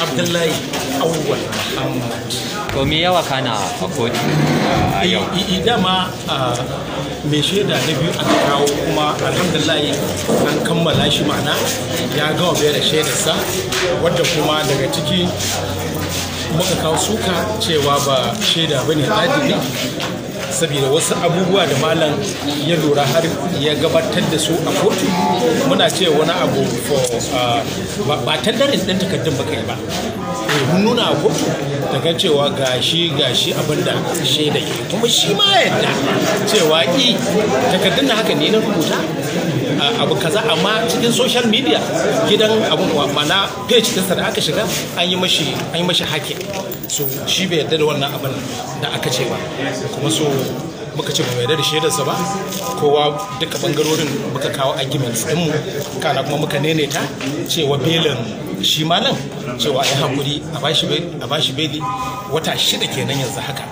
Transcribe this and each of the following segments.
abdullahi awwal to me yawa kana a kotu a yau dama mai shaida na biyu aka kawo kuma alhamdulillah an kammala shi ma'ana ya gawa bai da shaidarsa wadda kuma daga ciki muka kawo suka cewa ba shaida bane zajibi saboda wasu abubuwa da malam ya lura har ya gabatar da su a kotu muna ce wani abu uh, ba tandarin ɗin takardun ba kai ba mun nuna a kotu daga cewa gashi gashi da shaida kuma shi ma yadda cewa i takardun da haka ne na rubuta abu kaza amma cikin social media gidan abun mana page ɗinsa da aka shiga an yi mashi an yi mashi hake so shi bai yarda da wannan abin da aka ce ba kuma so muka ce bai yarda da shaidarsa ba kowa duka bangarorin muka kawo arguments ɗinmu. kana kuma muka neneta cewa belin shi ma nan cewa ya hakuri a bashi beli wata shida kenan yanzu haka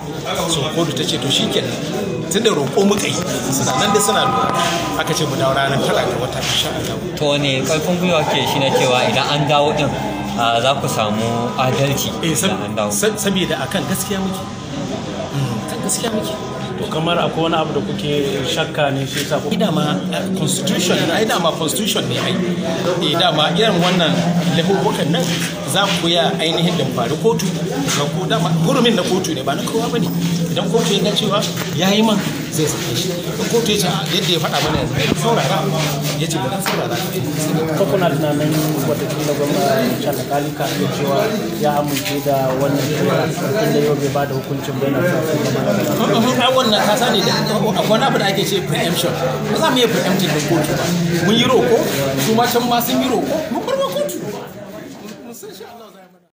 so kodu ta ce to shi kenan da roƙo muka yi suna nan da suna lura aka ce mu dawo ranar tara ga wata insha Allah to ne karfin gwiwa ke shi na cewa idan an dawo din za ku samu adalci eh, idan dawo saboda akan gaskiya muke hmm, kan gaskiya muke to kamar akwai wani abu da kuke shakka ne shi ta ku dama eh, constitution ai dama constitution ne ai eh dama irin wannan lahubukan nan za ku ya ainihin faru kotu ga ko dama hurumin na kotu ne ba na kowa bane idan kotu ya ba ya yi man zai sake shi in kotu ya ce ah, yadda ya faɗa mana yanzu saurara ya ce bana saurara ko kuna da nan wata kila can alkali ka da cewa ya amince da wannan shawara inda yau bai bada da hukuncin bayan sassan da mara wannan ka sani da akwai abu da ake ce preemption ba za mu yi preemption da kotu ba mun yi roko su ma can ma sun yi roko